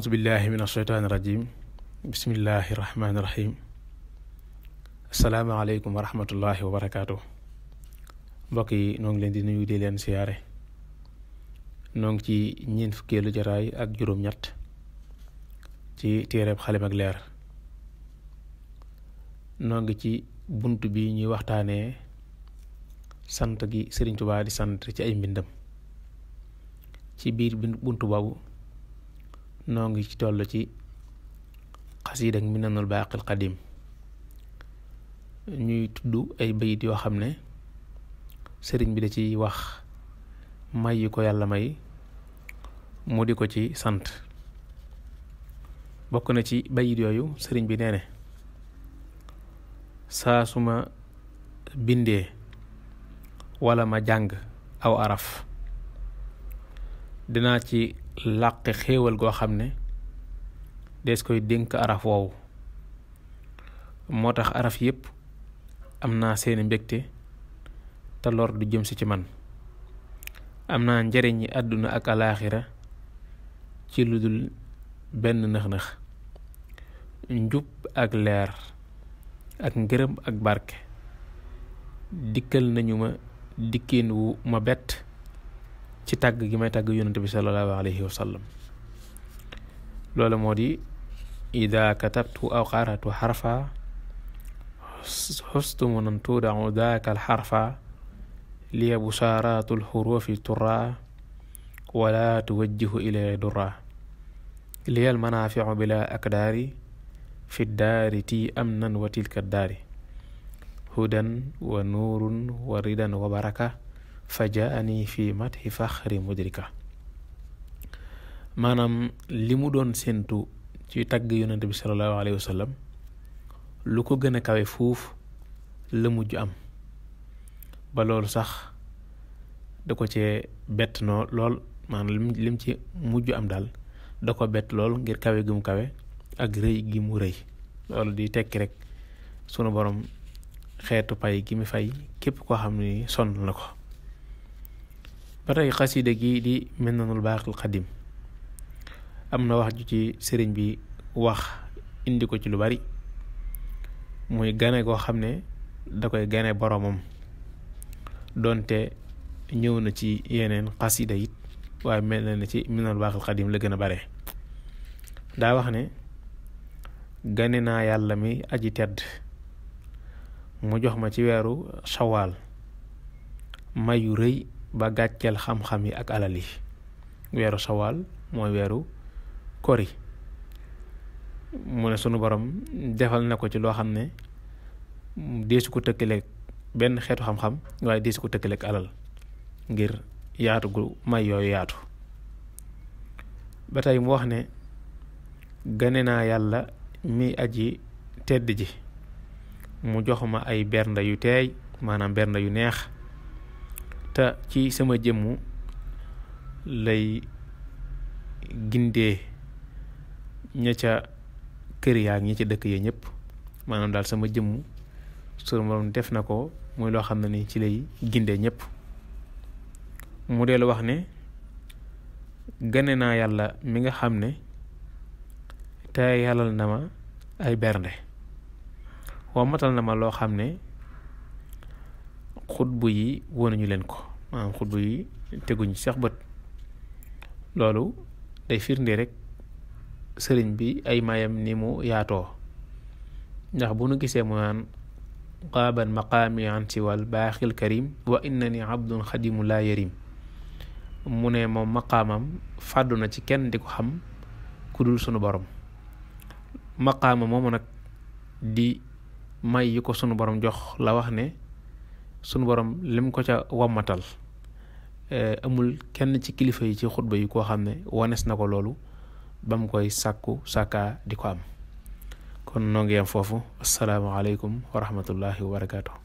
aousubillahi min asheytaani irajim bismillahi irahmaani irahim asalaamaaleykum wa rahmatullahi wa barakaatu mbokk yi noo ngi leen di nuyu di leen siyaare noo ngi ci ñeent fukkeelu jaraay ak juróom-ñett ci téereb Xalimag ak leer noo ngi ci bunt bi ñuy waxtaanee sant gi Sëriñ Tuubaa di sant ci ay mbindam ci biir bunt boobu noo ngi ci toll ci xasiida ak minanul baaqil qadim ñuy tudd ay bayit yoo xam ne sëriñ bi da ciy wax may ko yàlla may mu di ko ci sant bokk na ci bayit yooyu sëriñ bi nee saa su ma bindee walla ma jàng aw araf dinaa ci làqi xéewal goo xam ne dees koy dénk araf woowu moo tax araf yépp am naa seeni mbégte te lor du jëm si ci man am naa njariñi àdduna ak alaaxira ci lu dul benn nëx-nëx njub ak leer ak ngërëm ak barke dikkal nañu ma dikkin wu ma bett ci tàgg gi may tàgg yonent bi sallallahu alayhi wa loolu moo di ida katabtu aw qaratu xarfa xustumu nan tuudacu daaka alxarfa liya busaaraatu alxurufi tura wala tuwajjihu ilay dura liya almanaaficu bila akdaari fi daari tii amnan wa tilka daari hudan wa nuurun wa ridan wa baraka fa jaani fi mathi faxri mudrika maanaam li mu doon séentu ci tagg yonent bi salallaahu alayhi wa lu ko gën a kawe fuuf la mujj am ba loolu sax da ko ci bett noo lool maanaam lim ci mujj am daal da ko bett lool ngir kawe gi mu kawe ak rëy gi mu rëy loolu di tekki rek sunu borom xeetu pay gi mu fay képp koo xam ni sonn na ko ba tey xasida gi di Minanul Baaqil Xadim am na wax ju ci sëriñ bi wax indi ko ci lu bari muy gane goo xam ne da koy gane boroomam donte ñëw na ci yeneen xasida it waaye mel na ne ci Minanul Baaqil Xadim la gën a bare daa wax ne gane naa yàlla mi aji tedd mu jox ma ci weeru sawaal mayu rëy ba gàcceel xam-xam yi ak alal yi weeru sawaal mooy weeru kori mu ne sunu borom defal na ko ci loo xam ne deesu ko tëkkaleeg benn xeetu xam-xam waaye deesu ko tëkkaleeg alal ngir yaatu gu may yooyu yaatu ba tey mu wax ne gane naa yàlla mi aji tedd ji mu jox ma ay bernda yu teey maanaam bernda yu neex te ci sama jëmmu lay gindee ña ca kër yaa ak ña ca dëkk yee ñëpp maanaam daal sama jëmmu sunu def na ko muy loo xam ne ni ci lay gindee ñëpp mu dellu wax ne gane naa yàlla mi nga xam ne te yàllal na ma ay bernde wa matal na ma loo xam ne xutbu yi wonuñu leen ko maanaam xutbu yi teguñu sax bët loolu day firnde rek sëriñ bi ay mayam ni mu yaatoo ndax bu nu gisee mu naan qaaban maqaami an baaxil karim wa innani abdun xadimu laa yarim mu ne moom maqaamam fàddu na ci kenn di ko xam ku dul sunu boroom maqaama moomu nag di may yi ko sunu boroom jox la wax ne sunu borom lim ko ca wammatal eh, amul kenn ci kilifa yi ci xutba yi koo xam ne wanes na ko loolu ba mu koy sàkku sàkkaa di ko am kon noo ngi yam foofu asalaamaaleykum wa rahmatullahi wa barakaatu.